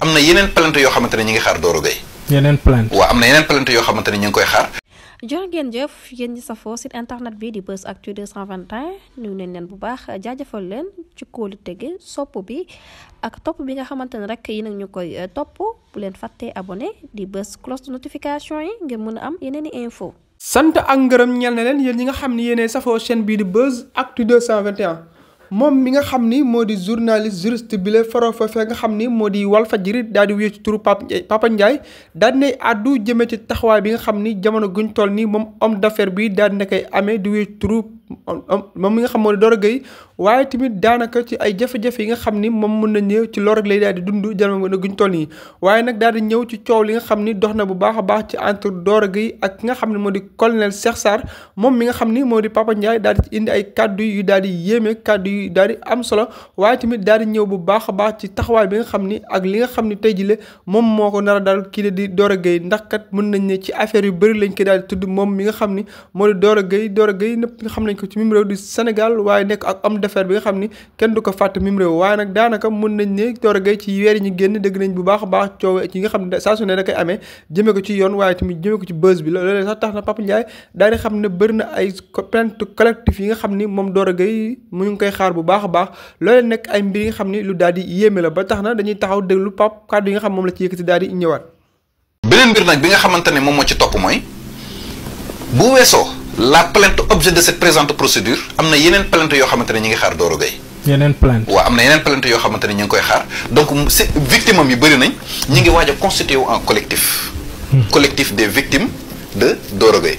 am na yeneen plainte yoo xamante ne ñu ngi xaar Doro Gueye. yeneen plainte waaw am na yeneen plainte yoo xamante ne ñu ngi koy xaar. jërë ngeen jëf yéen ñi safoo site internet bi di Buzz Actu 221 nuyu nañ leen bu baax jaajëfal leen sopp bi ak topp bi nga xamante ne rek yi nag ñu koy eh, topp bu leen fàttee abonné di bës cloche de notification yi ngir mën a am yeneen i info sant ak ngërëm ñel na leen yéen ñi nga xam ne yéenee safoo seen bii di Buzz Actu 221 moom mi nga xam ni moo di journaliste juriste bi la faroo fa nga xam ni moo di Walfadjri daal di wéy ci turu Papa Papa Ndiaye daal di nay àddu jëmee ci taxawaay bi nga xam ni jamono guñ toll nii moom homme d'affaires bi daal di na koy amee di wéy ci moom mi nga xam moo di Doro Gueye waaye tamit daanaka ay jafe yi nga xam ni moom mën na ci lor lay daal di dund jamono guñ toll nii waaye nag daal di ñëw ci coow li nga xam ni dox na bu baax a baax ci entre Doro Gueye ak ki nga xam ne moo di colonel Cheikh Sarr moom mi nga xam ni moo di Papa Ndiaye daal di indi ay kaddu yu dal di yéeme kaddu yu daal di am solo waaye tamit daal di ñëw bu baax a baax ci taxawaay bi nga xam ni ak li nga xam ni tey jii moom moo ko nar a daal kii la di Doro Gueye ndax kat mën nañ ne ci affaire yu bëri lañ koy daal di tudd moom mi nga xam ni moo di Doro Gueye Doro Gueye ñëpp nga xam nañ nekk ci mim réew di Sénégal waaye nekk ak homme d'affaires bi nga xam ni kenn du ko fàtte mim réew waaye nag daanaka mën nañ ne Doro Gaye ci weer yi ñu génn dégg nañ bu baax baax coow ci nga xam ne saa su ne koy amee jëmee ko ci yoon waaye tamit jëmee ko ci buzz bi loolu sax tax na Papa Ndiaye daal di xam ne bëri na ay plainte collectif yi nga xam ni moom Doro Gaye mu ngi koy xaar bu baax a baax loolee nekk ay mbir yi nga xam ni lu daal di yéeme la ba tax na dañuy taxaw déglu pap kàddu yi nga xam moom la ci yëkkati di ñëwaat beneen mbir nag bi nga xamante ne moom moo ci topp mooy la plainte objet de cette présente procédure am na yeneen plainte yoo xamante ne ñu ngi xaar Doro Gueye yeneen plainte waaw am na yeneen plainte yoo xamante ne ñu ngi koy xaar donc si victime am yi bëri nañ ñu ngi waaj a constitué wu en collectif hmm. collectif des victimes de Doro Gueye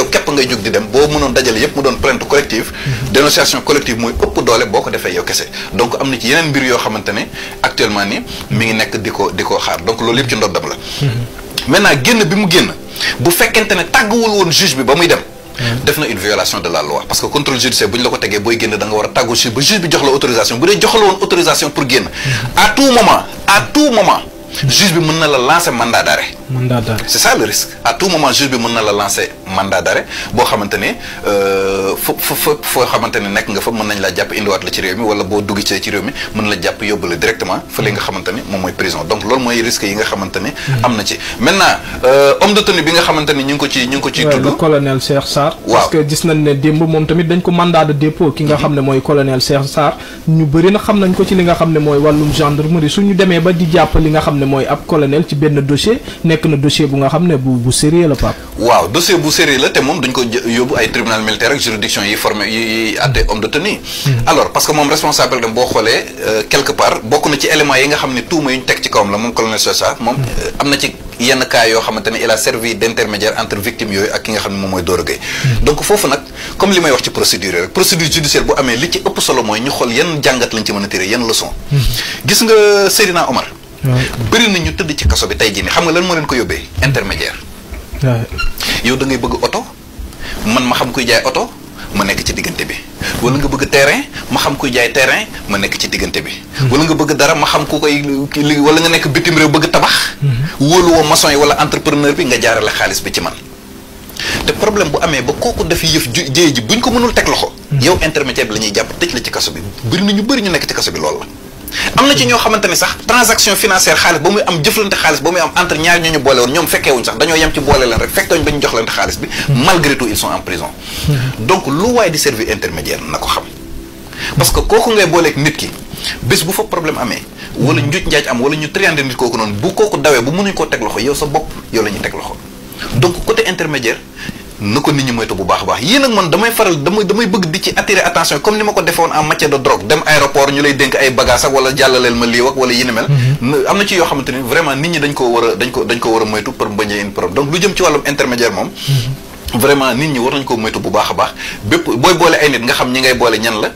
yow képp ngay jóg di dem boo mënoon dajale yëpp mu doon plainte collective mhm. dénonciation collective mooy ëpp doole boo ko defee yow kese donc am na ci yeneen mbir yoo xamante actuellement ni mi ngi nekk di ko xaar donc loolu yëpp ci ndoddam la mhm. maintenant génn bi mu génn bu fekkente ne tàgguwul woon juge bi ba muy dem mhm. def na une violation de la loi parce que contrôle judiciaire bu ñu la ko tegee booy génn da war a tàggu juge ba juge bi jox la autorisation juge bi mën na la lancer mandat d'arrêt. mandat d'arrêt c'est ça le risque à tout moment juge bi mën na la lancer mandat d'arrêt boo xamante ne euh, fo fo foo xamante ne nekk nga fa mën nañ laa jàpp indiwaat la ci réew mi wala boo dugg ci ci réew mi mën la jàpp yóbbu la directement fële nga xamante ne moom mooy prison donc loolu mooy risque yi nga xamante ne. Hmm. am na ci maintenant euh, homme de tenue bi nga xamante ne ñu ngi ko ci ñu ngi ko ciy. tudd le colonel Cheikh Sarr. waaw parce que gis nañ ne démb moom tamit dañ ko mandat de dépôt. ki nga hmm. xam ne mooy colonel Cheikh Sarr ñu bëri na xam nañ ko ci li nga xam ne mooy wàllum gendarmerie suñu demee ba di jàpp li nga xam ne nekk na dossier bu nga xam ne bu sérieux la Pape. waaw dossier bu sérieux la te moom dañ ko yóbbu ay tribunal militaire ak juridiction yi formé yi yi àtte de tenue. Hmm. alors parce que moom responsable dem boo xoolee euh, quelque part bokk na ci éléments yi nga xam ne tuuma yu ñu teg ci kawam la moom colonel Sosa moom hmm. euh, am na ci. yenn cas yoo xamante ne il a servi d' entre victime yooyu ak ki nga xam ne mooy Doro hmm. donc foofu nag comme li may bëri na ñu tëdd ci kaso bi tey jii nii xam nga lan moo leen ko yóbbee intermédiaire. yow da ngay bëgg oto man ma xam kuy jaay oto ma nekk ci diggante bi wala nga bëgg terrain ma xam kuy jaay terrain ma nekk ci diggante bi. Hmm. wala nga bëgg dara ma xam ku koy wala nga nekk bitim réew bëgg tabax. Hmm. wóolu woo maçon yi wala entrepreneur bi nga jaarale xaalis bi ci man. te problème bu amee ba kooku def yëf ju jéey ji buñ ko mënul teg loxo. Hmm. yow intermédiaire bi la jàpp tëj la ci kaso bi bëri na ñu bëri ñu nekk ci kaso bi loolu am na ci ñoo xamante ni sax transaction financière xaalis ba muy am jëflante xaalis ba muy am entre ñaar ñooñu boole woon ñoom fekkee wuñ sax dañoo yem ci boole leen rek fekkewuñ ba ñu jox leen xaalis bi malgré tout ils sont en prison donc lu waaye di service intermédiaire na ko xam parce que kooku ngay booleeg nit ki bés bu fa problème amee wala njuuj njaaj am wala ñu triande nit kooku noonu bu kooku dawee bu mënuñ koo teg loxo yow sa bopp yow la ñuy teg loxo donc côté intermédiaire na ko nit ñi moytu bu baax a baax yii nag man damay faral damay damay bëgg di ci attirer attention comme ni ma ko defoon en matière de drogue dem aéroport ñu lay dénk ay bagages ak jàllaleel ma lii ak wala yi mhm. am na ci yoo xamante ni nit ñi dañ ko war dañ ko dañ ko war moytu pour mbañee une problème donc lu jëm ci wàllum intermédiaire moom. Mhm. vraiment nit ñi war nañ ko moytu bu baax a baax bépp booy boole ay nit nga xam ñi ngay boole ñan la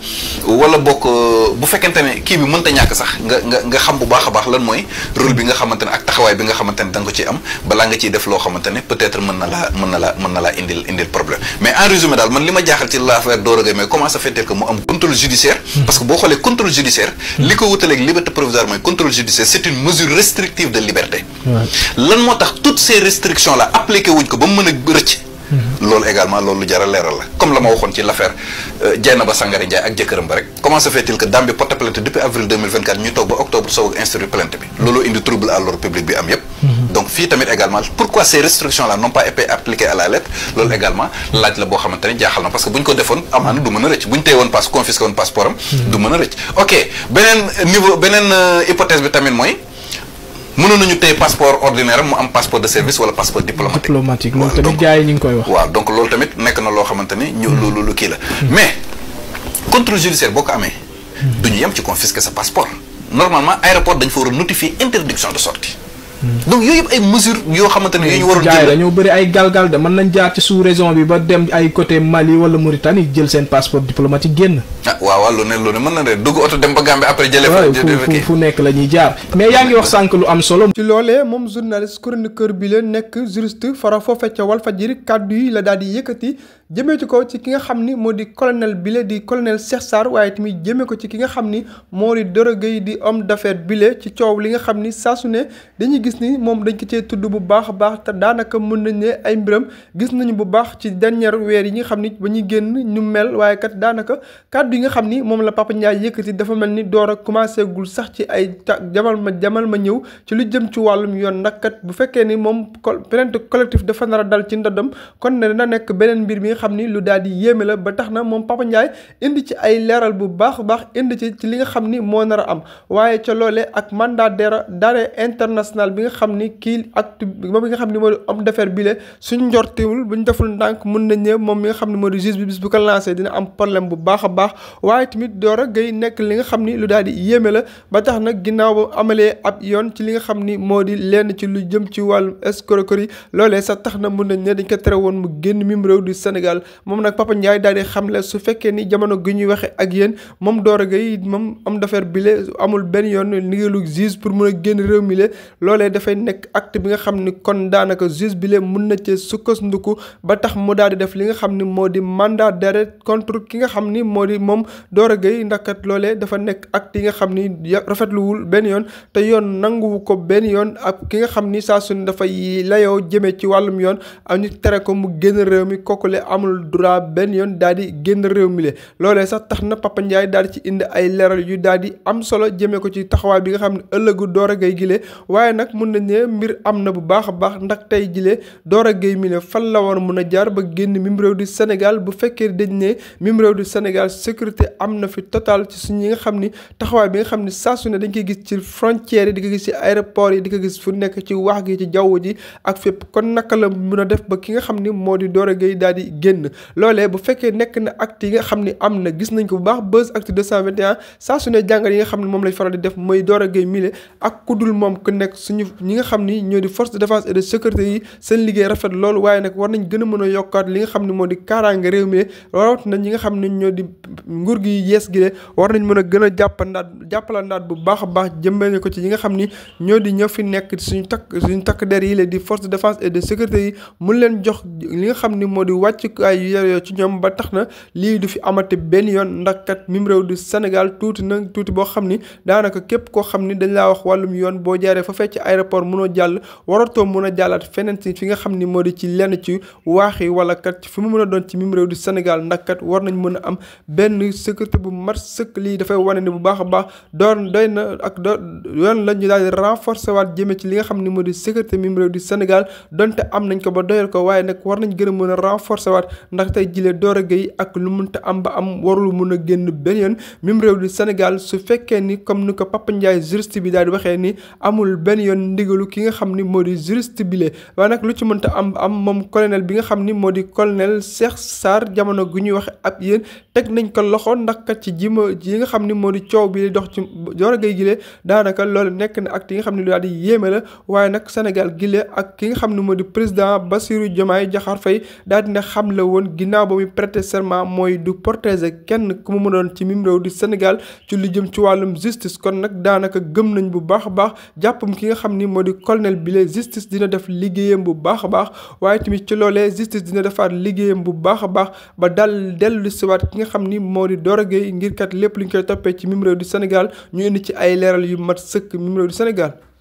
wala bokk euh, bu fekkente ne kii bi mënta ñàkk sax nga nga nga xam bu baax a baax lan mooy rôle bi nga xamante ne ak taxawaay bi nga xamante ne da nga ko ciy am balaa nga ciy def loo xamante ne mën na laa mën na laa mën na laa indil indil problème mais en résumé daal man li ma jaaxal ci l'affaire Doro Gueye mais comment ça fait mu am contrôle judiciaire hmm. parce que boo xoolee hmm. lan moo tax toutes ces restrictions là appliqué ko ba mu mën a rëcc Mm-hmm. loolu également loolu lu leeral la comme la ma waxoon ci l'affaire euh, Dieynaba Sangare Ndiaye ak jëkkëram ba rek comment fait-il que Dame porte plainte depuis avril ñu toog ba octobre soog ak instruire plainte bi loolu indi trouble à l'ordre public bi am yépp mm-hmm. donc fii tamit également pourquoi ces restrictions là n'ont pas été appliquées à la lettre loolu mm-hmm. également laaj la boo xamante jaaxal na parce bu ñu ko defoon amaana du mën a rëcc bu ñu tey woon mënoon nañu tey passeport ordinaire mu am passeport de service wala passeport diplomatique. diplomatique loolu tamit gars yi ñu ngi koy wax. waaw donc loolu tamit nekk na loo xamante ni lu lu kii la. Hmm. mais contrôle judiciaire boo ko amee. Hmm. du ñu yem ci confisquer sa passeport. normalement aéroport dañ fa war a notifier interdiction de sortie Hmm. donc yooyu yëpp ay mesures yoo xamante ne. ñu waroon jël dañoo bëri ay galgal de mën nañ jaar ci sous région bi ba dem ay côté Mali wala Mauritanie jël seen passeport diplomatique génn. ah waaw waaw lu ne mën na de dugg oto dem ba Gambie après. jëlee fa fu nekk la ñuy jaar. mais yaa ngi wax sànq lu am solo. ci loolee moom journaliste chroniqueur bi la nekk juriste fara foofee ca Walfadjri kàddu yi la daal di yëkkati jëmee ci ko ci ki nga xam ni moo di colonel bile di colonel Cheikh Sarr waaye tamit jëmee ko ci ki nga xam ni moo di Doro Gueye di om d'affaires bile ci coow li nga xam ni saasu ne dañuy gis ni moom dañ ko cee tudd bu baax a baax te daanaka mën nañ ne ay mbiram gis nañu bu baax ci dernier weer yi nga xam ni ba ñuy génn ñu mel waaye kat daanaka kàddu yi nga xam ni moom la Papa Ndiaye yëkkati dafa mel ni door a commencé gul sax ci ay jamal ma jamal ma ñëw ci lu jëm ci wàllum yoon nag kat bu fekkee ni moom plainte collectif dafa nar a dal ci ndodom kon nekk beneen mbir mi xam ni lu daal di yéeme la ba tax na moom Papa Ndiaye indi ci ay leeral bu baax baax indi ci ci li nga xam ni moo nar am waaye ca loole ak mandat d'arrêt international bi nga xam ni kii ak moom bi nga xam ni moo di homme d'affaires bi le suñ njortewul buñ deful ndànk mun nañ moom mi nga xam ne moo di juge bi bis bu ko lancé dina am problème bu baax a baax waaye tamit Doro Gaye nekk li nga xam ni lu daal di yéeme la ba tax na ginnaaw ba amalee ab yoon ci li nga xam ni moo di lenn ci lu jëm ci wàllu wàllum yi loolee sax tax na mun nañ ne dañ ko tere woon mu Sénégal moom nag Papa Ndiaye daal di xamle su fekkee ni jamono gi ñuy waxe ak yéen moom Doro Gueye moom homme d'affaires bile amul benn yoon ndigalu juge pour mun a génn réew mi le loolee dafay nekk acte bi nga xam ni kon daanaka juge bile mun na cee sukkandiku ba tax mu daal di def li nga xam ni moo di mandat d'arrêt contre ki nga xam ni moo di moom Doro Gueye ndax kat loolee dafa nekk acte yi nga xam ni rafetluwul benn yoon te yoon nanguwu ko benn yoon ak ki nga xam ni saa su ne dafay layoo jëmee ci wàllum yoon ak ñu tere ko mu génn réew mi kookule amul droit benn yoon daal di génn réew mi le loolee sax tax na Papa Ndiaye daal di ci indi ay leeral yu daal di am solo jëmee ko ci taxawaay bi nga xam ne ëllëgu doora Gueye gilee waaye nag mun nañ ne mbir am na bu baax a baax ndax tey jilee Dora Gueye mi le fan la war mun a jaar ba génn mim réew di Sénégal bu fekkee dañ ne mim réew di Sénégal sécurité am na fi total ci suñu nga xam ni taxawaay bi nga xam ne saa su ne dañ koy gis ci frontières yi di ko gis ci aéroport yi di ko gis fu nekk ci wax gi ci jaww ji ak fépp kon naka la mun a def ba ki nga xam ni moo di Dora Gueye génn loolee bu fekkee nekk na acte yi nga xam ne am na gis nañ ko bu baax Buzz Actu 221 saa su ne jàngal yi nga xam ne moom lañ faral di def mooy Doro Gueye mile ak ku dul moom ku nekk suñu ñi nga xam ni ñoo di force de défense et de sécurité yi seen liggéey rafet loolu waaye nag war nañ gën a mën a yokkaat li nga xam ne moo di kaaraange réew mi ne ñoo di nguur gi yees gi de war nañ mën a gën a jàppandaat jàppalandaat bu baax a baax jëmbale ko ci ñi nga xam ni ñoo di ñoo fi nekk suñu takk suñu takk der yi la di force de défense et de sécurité yi mun leen jox li nga xam ni moo di wàcc jumtukaay yu yore ci ñoom ba tax na lii du fi amati benn yoon ndax kat mim réew du Sénégal tuuti nag tuuti boo xam ni daanaka képp koo xam ni dañ laa wax wàllum yoon boo jaaree fa fekk ci aéroport mënoo jàll waratoo mën a jàllaat feneen si fi nga xam ni moo di ci lenn ci waax yi wala kat fi mu mën a doon ci mim réew du Sénégal ndax kat war nañ mën a am benn sécurité bu mat sëkk lii dafay wane ni bu baax a baax doon doy na ak do yoon la ñu daal di waat jëmee ci li nga xam ni moo di sécurité mim réew du Sénégal donte am nañ ko ba doyal ko waaye nag war nañ gën a mën a renforcer waat waat ndax tey door Doro Gueye ak lu munta am ba am warul mun a génn benn yoon même réew di Sénégal su fekkee ni comme ni ko Papa Ndiaye juriste bi daal di waxee ni amul benn yoon ndigalu ki nga xam ni moo di juriste bile waaye lu ci mënta am am moom colonel bi nga xam ni moo di colonel Cheikh Sarr jamono gu ñuy wax ab yéen teg nañ ko loxo ndax kat ci jima yi nga xam ni moo di coow bi dox ci Doro Gueye gile daanaka loolu nekk na ak yi nga xam ne lu daal di yéeme la waaye nag Sénégal gile ak ki nga xam ne moo di président Bassirou Diomaye Diakhar Faye daal dina xam la woon ginnaaw ba muy prêter serment mooy du protéger kenn ku mu mënoon ci mim réew di Sénégal ci lu jëm ci wàllum justice kon nag daanaka gëm nañ bu baax a baax jàppam ki nga xam ni moo di colonel bile justice dina def liggéeyam bu baax a baax waaye tamit ci loolee justice dina defaat liggéeyam bu baax a baax ba dal dellu siwaat ki nga xam ni moo di Doro Gueye ngir kat lépp lu ñu koy toppee ci mimiro réew di Sénégal ñu indi ci ay leeral yu mat sëkk mim du di Sénégal